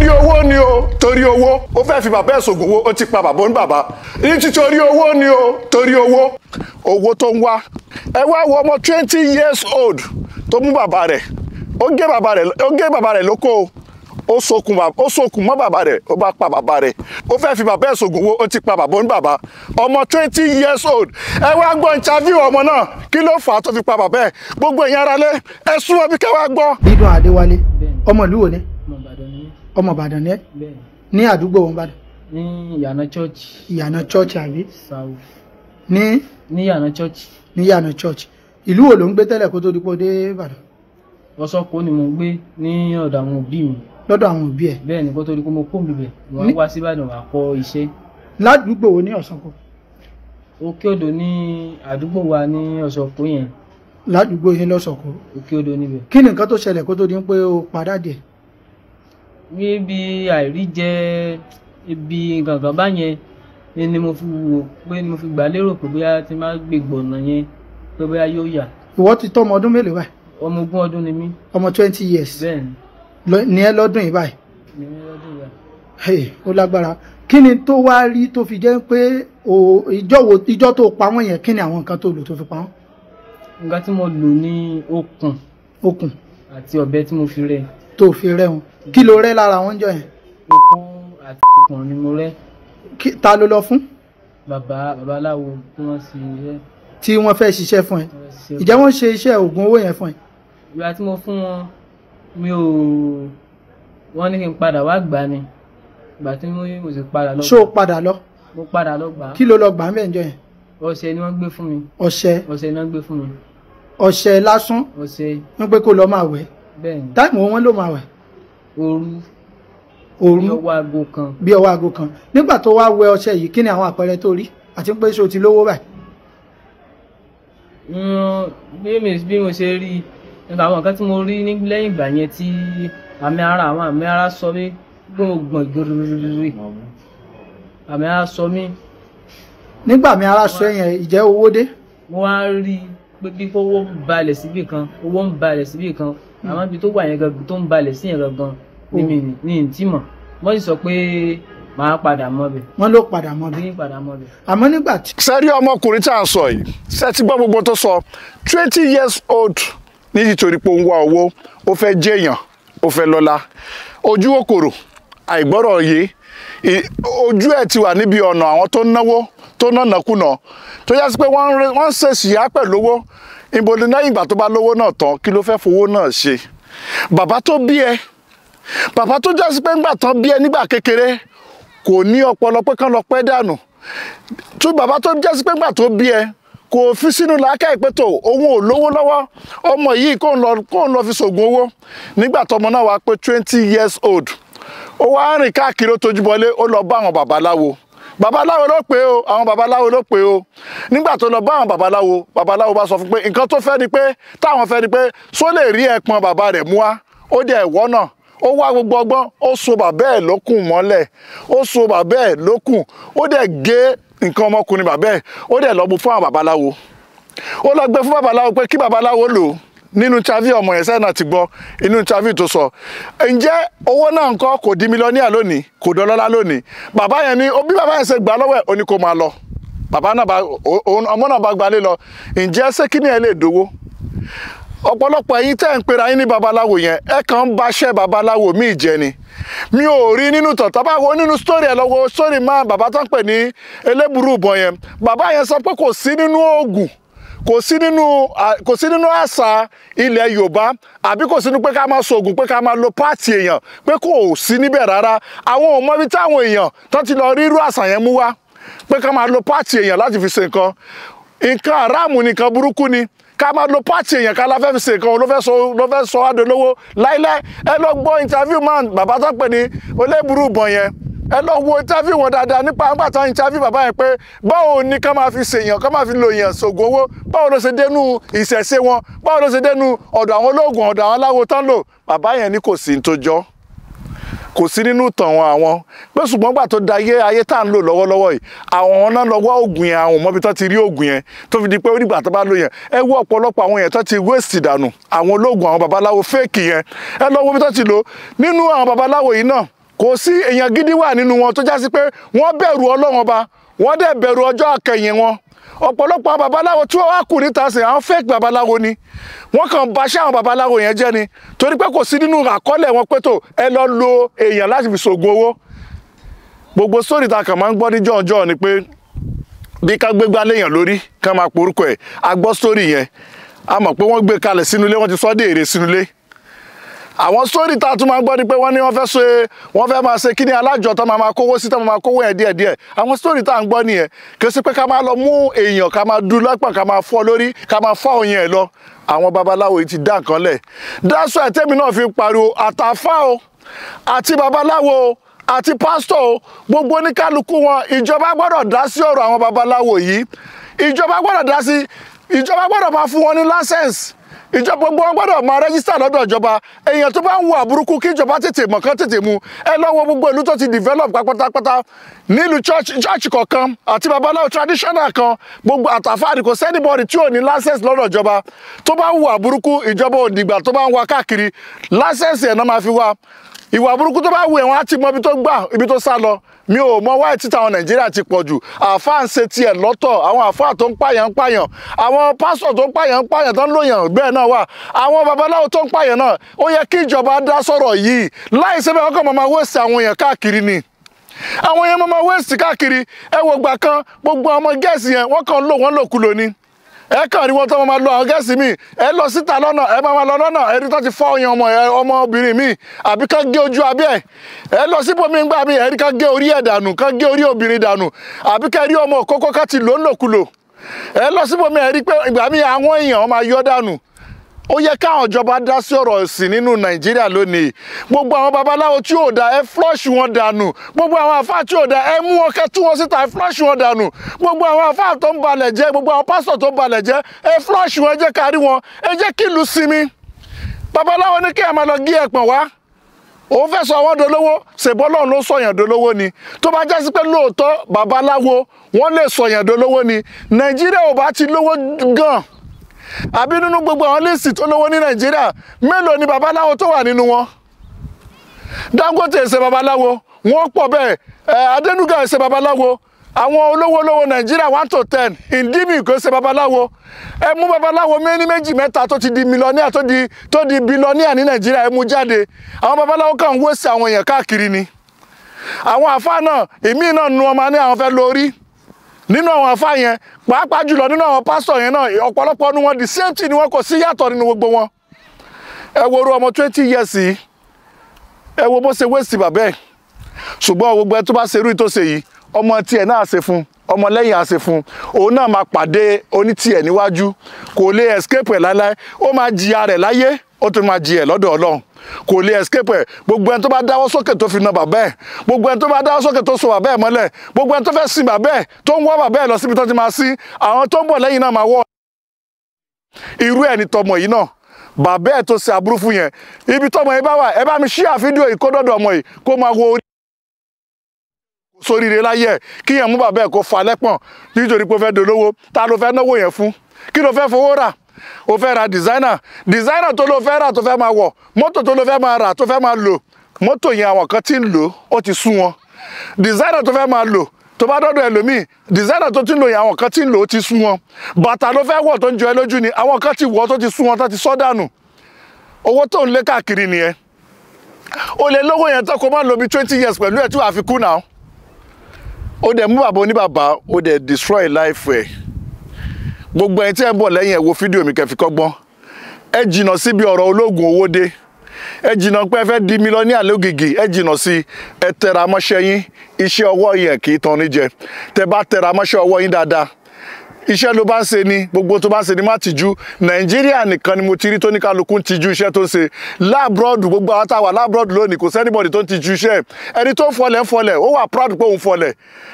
torí owó ni o torí owó ó fẹ́ fi bàbá ẹ̀ sògùn owó ó ti pa bàbá ní bàbá ní títorí owó ni o torí owó owó tó ń wá ẹ wá wo ọmọ twenty years old tó mú bàbá rẹ̀ ó gé bàbá rẹ̀ ó gé bàbá rẹ̀ lóko o ó sokùn ó sokùn mọ́ bàbá rẹ̀ ó bá pa bàbá rẹ̀ ó fẹ́ fi bàbá ẹ̀ sògùn owó ó ti pa bàbá ní bàbá ọmọ twenty years old ẹ wá gbọ́ interview ọmọ náà kí ló fà á tó fi pa bàbá ẹ̀ gbogbo ìyára lé ẹ sún ọbí kẹwàá gbọ́. dídùn àdéwálé ọmọ ìlú wo ni ọmọ ìbàdàn ni ẹ ní àdúgbò wọn ìbàdàn. ní ìyànà church. ìyànà church àbí. ní. ní ìyànà church. ní ìyànà church ìlú wo ló ń gbé tẹ́lẹ̀ kó tó di pọ́ dé ìbàdàn. ọ̀sọ́kò ni mo gbé ní ọ̀dọ̀ àwọn òbí mi. lọ́dọ̀ àwọn òbí ẹ̀. bẹ́ẹ̀ ni kó tó di pé mo kó mi bẹ̀ wọ́n wá sí ìbàdàn wà kọ́ iṣẹ́. ládùúgbò wo ní ọ̀sọ́kò. òkè odò ní àdúgbò wa ní ọ̀sọ́kò yẹn. ládùúgbò yẹn lọ́sọ̀kò. òkè odò níbẹ̀. kí ni nǹkan tó ṣẹlẹ̀ kó tó di pé o padà dé bí àìríjẹ ibi gàngàn báyẹn ni mo fi wò pé ni mo fi gbà lérò pé bóyá ti máa gbé gbọ̀nà yẹn pé bóyá yóò yà. ìwọ ti tọ́ ọmọ ọdún mélòó báyìí. ọmọ ogún ọdún ni mí. ọmọ twenty years. bẹ́ẹ̀ni. ni ẹ lọ́dún yìí báyìí. ni ẹ lọ́dún yìí báyìí. ó lágbára kí ni tó wá rí tó fi jẹ́ pé ìjọ tó pa wọ́n yẹn kí ni àwọn nǹkan tó lò tó fi pa wọ́n. nǹkan tí mo lò ní okùn. okùn. àti ọ̀bẹ tí mo fi rẹ́ tó fi rẹ́hun kí ló rẹ́ lára wọn jọ yẹn. òkun àti òkun ni mo rẹ́. ta ló lọ fún. bàbá babaláwo tí wọ́n ṣe iṣẹ́. tí wọ́n fẹ́ ṣiṣẹ́ fún ẹ ìjẹ́ wọ́n ṣe iṣẹ́ oògùn owó yẹn fún ẹ. ìgbà tí mo fún wọn mi ò wọ́n ní kí n padà wá gbà ni ìgbà tí mo mo sì padà lọ. ṣó o padà lọ. mo padà lọ gbà. kí ló lọ gbà ń bẹ̀ ń jọ yẹn. ọṣẹ ni wọ́n gbé fún mi. ọṣẹ. ọṣẹ ni wọ́n gbé fún mi. ọṣẹ lásán. ọṣẹ. wọ́n pé kó lọ máa wẹ̀ táìmù wọn ló máa wẹ̀. òru òru bí ọwọ́ aago kan. bí ọwọ́ aago kan nígbà tó wá wẹ ọṣẹ yìí kí ni àwọn àpẹẹrẹ tó rí àti pé ṣé o ti lówó báyìí. bí mo ṣe rí nípa àwọn nǹkan tí mo rí lẹ́yìn ìgbà yẹn tí àmì ara àwọn àmì ara sọ mí gbọ̀ngbọ̀n gbòòrò àmì ara sọ mí. nígbà mi ara sọ yẹn ìjẹ́ owó dé. mo wá rí i pé kí owó ń balẹ̀ síbì kan owó ń balẹ̀ síbì kan àmọ́ ibi tó wà yẹn gangan tó ń balẹ̀ sí yẹn gangan ní mi oh. ní ìtì mọ̀ wọ́n sì sọ pé màá padà mọ́bẹ̀. wọ́n ló padà mọ́bẹ̀. ní padà mọ́bẹ̀. àmọ́ nígbà tí. sẹ́rí ọmọkùnrin tá à sọ yìí sẹ́tí gbọ́ gbogbo tó sọ twenty years old ní nítorí pé òun wá owó ó fẹ́ jẹ́yàn ó fẹ́ lọ́lá ojú òkòrò àìgbọ́rọ̀ yé ojú ẹ̀ ti wà níbi ọ̀nà àwọn tó náwó tó nánàkúnà tó yá sí pé wọ́n ń ṣèṣìyá pẹ̀lú owó ìbò ni lẹ́yìn ìgbà tó bá lówó náà tán kí ló fẹ́ fowó náà ṣe bàbá tó bí ẹ bàbá tó jásí pé ńgbà tán bí ẹ nígbà kékeré kò ní ọpọlọ pé kán lọ pẹ́ dànù tó bàbá tó jásí pé ńgbà tó bí ẹ kò fi sínú làákàyè pé tó òun ò lówó lọ́wọ́ ọmọ yìí kò ń lọ kò ń lọ fi ṣògùn owó nígbà tọmọ náà wá pé twenty years old ó wá rìn káàkiri ó tójú bọlé ó lọ bá àwọn babaláwo babaláwo ló pé o àwọn babaláwo ló pé o nígbà tó lọ bá àwọn babaláwo babaláwo bá sọ fún pé nǹkan tó fẹ́ ni pé táwọn fẹ́ ni pé só lè rí ẹpọn bàbá rẹ̀ mú wá ó dẹ̀ ẹ̀wọ́ náà ó wá gbogbo ọgbọ́n ó so bàbá ẹ̀ lókùn mọ́lẹ̀ ó so bàbá ẹ̀ lókùn ó dẹ̀ gé nǹkan ọmọkùnrin bàbá ẹ̀ ó dẹ̀ lọ bu fún àwọn babaláwo ó lọ gbé fún babaláwo pé kí babaláwo lò ó nínú interview ọmọ yẹn sẹ́yìn náà ti gbọ́ inú interview tó sọ ǹjẹ́ owó náà ńkọ́ kò di mílíọ̀nìyà lónìí kò dọ́lọ́lá lónìí bàbá yẹn ni bí bàbá yẹn ṣe gbà lọ́wọ́ ẹ̀ ó ní kó máa lọ bàbá náà bá ọmọ náà bá gbalé lọ ǹjẹ́ ṣé kí ni ẹ lè dówó ọ̀pọ̀lọpọ̀ ẹ̀yin tẹ́ ń pera yín ní babaláwo yẹn ẹ kàn ń baṣẹ́ babaláwo míì jẹ ni mi ò rí nínú tọ̀tà bá wo nínú sítórì ẹ̀ lọ́wọ́ sórí máa bàbá tó ń pè ní elébùrú ìbọn yẹn bàbá yẹn sọ pé kò sí nínú oògùn kò sí nínú kò sí nínú àṣà ilẹ̀ yorùbá àbí kò sí nínú pé ká máa sògùn pé ká máa lo páàtì èèyàn pé kò sí níbẹ̀ rárá àwọn ò mọ ibi táwọn èèyàn tán ti lọ rí irú àṣà yẹn mú wá pé ká máa lo páàtì èèyàn láti fi ṣe nǹkan nǹkan aráàmù nìkan burúkú ni ká máa lo páàtì èèyàn ká la fẹ́ fi ṣe nǹkan ló fẹ́ sọ ló fẹ́ sọ adolówó láíláí ẹ lọ gbọ́ interview man bàbá tó pè ní olébùrú ìbọn yẹn ẹ lọ wo interview wọn dáadáa nípa àgbà tán interview bàbá yẹn pé báwo ni ká máa fi ṣèyàn ká máa fi lo èèyàn ṣògùn owó báwo ló ṣe dénú ìṣẹ̀ṣe wọn báwo ló ṣe dénú ọ̀dọ̀ àwọn olóògùn ọ̀dọ̀ àwọn aláwo tán lò bàbá yẹn ní kò sí ní tó jọ́ kò sí nínú ìtàn wọn àwọn pé ṣùgbọ́n gbà tó da ayé ayé tá à ń lò lọ́wọ́lọ́wọ́ yìí àwọn náà lọ́wọ́ ògùn yẹn àwọn mọ́bi tó ti rí ògùn yẹn tó fi di pé onígbà tó bá lò yẹn ẹ wọ ọ̀pọ̀lọpọ̀ àwọn yẹn tó ti wéèsì dànù àwọn olóògùn àwọn babaláwo fẹ́ẹ̀kì yẹn ẹ lọ́wọ́ bí tó ti lò nínú àwọn babaláwo yìí náà kò sí èèyàn gidi wà nínú wọn tó já sí pé wọ́n bẹ̀rù ọlọ́run ọba wọ́n dẹ̀ bẹ̀rù ọjọ́ àkẹyìn wọn ọ̀pọ̀lọpọ̀ àwọn babaláwo tí wọ́n wá kù níta sí àwọn fake babaláwo ni wọ́n kàn ba ṣẹ́ àwọn babaláwo yẹn jẹ́ ni torí pé kò sí nínú àkọọ́lẹ̀ wọn pé tó ẹ lọ lo èèyàn láti fi ṣògùn owó gbogbo sórí ta kàn máa ń gbọ́ ní jọ̀ọ́jọ́ ni pé bí ká gbégbá léèyàn lórí ká máa porúkọ ẹ̀ a gbọ́ sórí yẹn a mọ̀ pé wọ́n gbé kalẹ̀ sínú ilé wọ́n ti sọ́ dé èrè sínú ilé àwọn sórí tá a tún máa gbọ́ ni pé wọ́n ní wọ́n fẹ́ ṣe wọ́n fẹ́ máa ṣe kíní alájọ tó máa máa kówó sí tó máa máa kówó yẹn díẹ̀díẹ̀ àwọn sórí tá a ń gbọ́ nìyẹn kì í ṣe pé ká máa lọ mú èèyàn ká máa du lọ́pọ̀ ká máa fọ́ lórí ká máa fọ́ òun yẹn lọ àwọn babaláwo yìí ti dá nǹkan lẹ̀ dáṣọ ẹ̀tẹ́mi náà fi pariwo àtàfà o àti babaláwo o àti pásítọ̀ o gbogbo oníkálukú wọn ìjọba gbọ́dọ̀ dá sí ọ̀rọ̀ àwọn babaláwo yìí ìjọba gbọ́dọ̀ dá ìjọba gbogbo wọn gbọ́dọ̀ máa rẹ́gísítà lọ́dọ̀ ìjọba èèyàn tó bá ń wo àbúrúkú kí ìjọba tètè mọ̀ kán tètè mu ẹ lọ́wọ́ gbogbo ìlú tó ti develop pátápátá nílùú church kọ̀ọ̀kan àti babaláwo traditional kan gbogbo àtàfáàdì kò sẹ́nibọ́ọ̀dì tí ò ní license lọ́dọ̀ ìjọba tó bá ń wo àbúrúkú ìjọba òdìgbà tó bá ń wa káàkiri license ẹ̀ náà máa fi wá ìwà burúkú tó bá wù ẹ̀wọ̀n á ti mọ ibi tó gbà ibi tó sá lọ mi ò mọ wáyé títà àwọn nàìjíríà ti pọ̀ jù àáfàá ń ṣe tiẹ̀ lọ́tọ̀ àwọn àáfàá tó ń pààyàn ń pààyàn àwọn pásọ̀ tó ń pààyàn ń pààyàn tó ń lòyàn bẹ́ẹ̀ náà wà àwọn babaláwo tó ń pààyàn náà ó yẹ kí ìjọba dá sọ̀rọ̀ yìí láì ṣe bẹ́ẹ̀ kọ́kọ́ máa wẹ̀sì àwọn èèyàn káàkiri ni àwọn èèyàn máa wẹ̀sì káàkiri ẹ wo gbà kan gbogbo ọmọ gẹ̀ẹ́sì yẹn wọ́n kàn lò wọ́n lòkulò ni ẹ kàn rí wọn tó máa lọ àwọn gẹ́ẹ̀sì míì ẹ lọ síta lọ́nà ẹ máa lọ lọ́nà ẹ rí tó ti fọ́ ọyàn ọmọ ẹ ọmọbìnrin míì àbí kán gé ojú abẹ́ ẹ ẹ lọ síbò míì gbà míì ẹ rí kán gé orí ẹ̀ dànù kán gé orí obìnrin dànù àbí kẹ́ rí ọmọ òkókó ká ti lò ẹ lọ síbò ẹ rí pé ìgbà míì àwọn èèyàn máa yọ dànù ó yẹ káwọn ìjọba dá sí ọ̀rọ̀ ẹ̀sìn nínú nàìjíríà lónìí gbogbo àwọn babaláwo tí ò da ẹ flush wọn dànù gbogbo àwọn àfáà tí ò da ẹ mú wọn tú wọn síta ẹ flush wọn dànù gbogbo àwọn àfáà tó ń balẹ̀ jẹ́ gbogbo àwọn pásítọ̀ tó ń balẹ̀ jẹ́ ẹ flush wọn ẹ jẹ́ kárí wọn ẹ jẹ́ kí ìlú sinmi babaláwo ní kí ẹ máa lọ gé ẹ̀pọ̀n wá òun fẹ́ sọ wọ́n dolówó ṣèbọ́ lọ́run ló sọ̀yàn dolówó ni tó bá jásí pé lóòótọ́ babaláwo wọ́n lè sọ̀yàn dolówó ni nàìjíríà ò bá ti lówó gan-an àbí nínú gbogbo àwọn lísì tó lówó ní nàìjíríà mélòó ni babaláwo tó wà nínú wọn dangote ṣe babaláwo wọn pọ̀ bẹ́ẹ̀ adénúgà ṣe babaláwo àwọn olówó nàìjíríà one to ten kò babaláwo ẹ babaláwo méní méjì mẹ́ta tó ti di tó di tó di ní nàìjíríà jáde àwọn babaláwo àwọn èèyàn káàkiri ni àwọn náà náà nu ọmọ ní nínú àwọn àfáà yẹn pàápàá jùlọ nínú àwọn pásítọ̀ yẹn náà ọ̀pọ̀lọpọ̀ nínú wọn di same thing ni wọn kò sí yàtọ̀ nínú gbogbo wọn ẹ wo orú ọmọ twenty years yìí ẹ wo bó ṣe wéèsì bàbá ẹ ṣùgbọ́n gbogbo ẹ tó bá ṣerú ìtòsè yìí ọmọ tiẹ̀ náà ṣe fún ọmọlẹ́yìn àṣẹ fún òun náà máa pàdé onítìẹ̀ níwájú kò lè escape ẹ̀ láéláé ó máa jìyà rẹ̀ láyé ó tún máa jìyà lọ́dọ̀ Ọlọ́run kò lè escape ẹ̀ gbogbo ẹni tó bá dáwọ́ sókè tó fi na bàbá ẹ̀ gbogbo ẹni tó bá dáwọ́ sókè tó so bàbá ẹ̀ mọ́lẹ̀ gbogbo ẹni tó fẹ́ sin bàbá ẹ̀ tó ń wá bàbá ẹ̀ lọ síbi tó ti máa sí àwọn tó ń bọ̀ lẹ́yìn náà máa wọ̀ irú ẹ̀ ni tọmọ yìí náà bàbá ẹ̀ tó ṣe aburú fún yẹn ibi tọmọ yìí bá wà ẹ bá mi share fídíò yìí kó dọ́dọ̀ ọmọ yìí kó máa wo orí sóríire láyé ẹ kíyàn mú bàbá ẹ̀ kó falẹ́pọ̀n nítorí pé ó fẹ́ dolówó ta ló fẹ́ náwó o fẹ́ ra designer designer tó ló fẹ́ rà tó fẹ́ máa wọ̀ mọ́tò tó ló fẹ́ máa rà tó fẹ́ máa lò mọ́tò yẹn àwọn kan ti ń lò ó ti sú wọn designer tó fẹ́ máa lò tó bá dọ́dọ̀ ẹlòmíì designer tó ti ń lò yẹn àwọn kan ti ń lò ó ti sú wọn bàtà ló fẹ́ wọ̀ tó ń jọ ẹ lójú ni àwọn kan ti wọ̀ tó ti sú wọn tó ti sọ dànù owó tó ń lé káàkiri nìyẹn o lè lówó yẹn tán kó má lo bí twenty years pẹ̀lú ẹ̀ tí wàá fi kú náà o dẹ̀ mú bàbá oníbàbá o dẹ̀ destroy life ẹ̀. Eh gbogbo ẹ̀yin tí ẹ ń bọ̀ lẹ́yìn ẹ fídíò mi kẹfì kọ́gbọ́n ẹ jìnnà síbi ọ̀rọ̀ ológun owó dé ẹ jìnnà pé ẹ fẹ́ di mílíọ̀nìyà lógìgì ẹ jìnnà sí ẹ tẹra mọ́ṣẹ́ yín iṣẹ́ ọwọ́ yẹn kì í tan ní jẹ tẹ bá mọ́ṣẹ́ ọwọ́ yín dáadáa iṣẹ́ ló bá ń ṣe ni gbogbo tó bá ń ṣe ni má tìjú nàìjíríà nìkan ni mo ti rí tó ní kálukú ń tìjú iṣẹ́ tó ń ṣe láàbùrọ̀dù gbogbo àwọn táwa láàbùrọ̀dù lónìí kò sẹ́nìbọ̀dì tó ń tìjú iṣẹ́ ẹni tó ń fọlẹ̀ ń fọlẹ̀ ó wà proud pé òun fọlẹ̀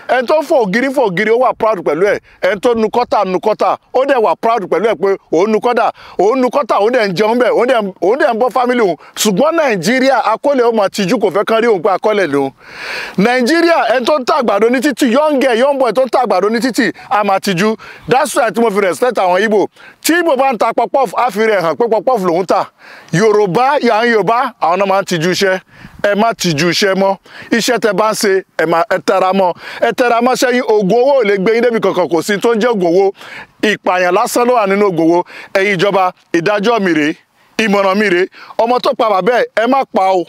ẹni tó ń fọ ògiri ń fọ ògiri ó wà proud pẹ̀lú ẹ̀ ẹni tó nu kọ́tà nu kọ́tà ó dẹ̀ wà proud pẹ̀lú ẹ̀ pé òun nu kọ́tà òun nu kọ́tà òun dẹ̀ ń jẹun bẹ̀ òun dẹ̀ ń bọ́ fámìlì òun ṣùgbọ́n nàìjíríà akọ́lẹ̀ ó máa tìjú kò fẹ́ kán rí òun pé akọ́lẹ̀ lòun nàìjíríà ẹni tó ń tàgbàdo ní títì yọ̀ǹgẹ̀ yọ̀ǹbọ̀ ẹni tó ń tàgbàdo ní títì a that's why tí mo fi respect àwọn Igbo tí Igbo bá ń ta pọpọ́f á fi rẹ̀ hàn pé pọpọ́f lòún tà Yorùbá yàn Yorùbá àwọn náà máa ń tijú iṣẹ́ ẹ má tijú iṣẹ́ mọ́ iṣẹ́ tẹ bá ń ṣe ẹ tẹra mọ́ ẹ tẹra mọ́ owó ò lè gbé yín débi kankan kò sí tó ń jẹ́ owó ìpààyàn lásán ló wà nínú owó ọmọ tó pa bàbá ẹ ẹ pa o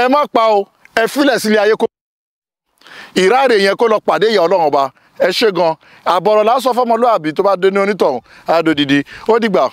ẹ má pa o ẹ fílẹ̀ sílé ayé kó yẹn kó lọ pàdé ìyá ẹ ṣe gan àbọ̀rọ̀ lásán fọmọlúàbí tó bá dé ní onítọ̀hún adòdìdí ó dìgbà.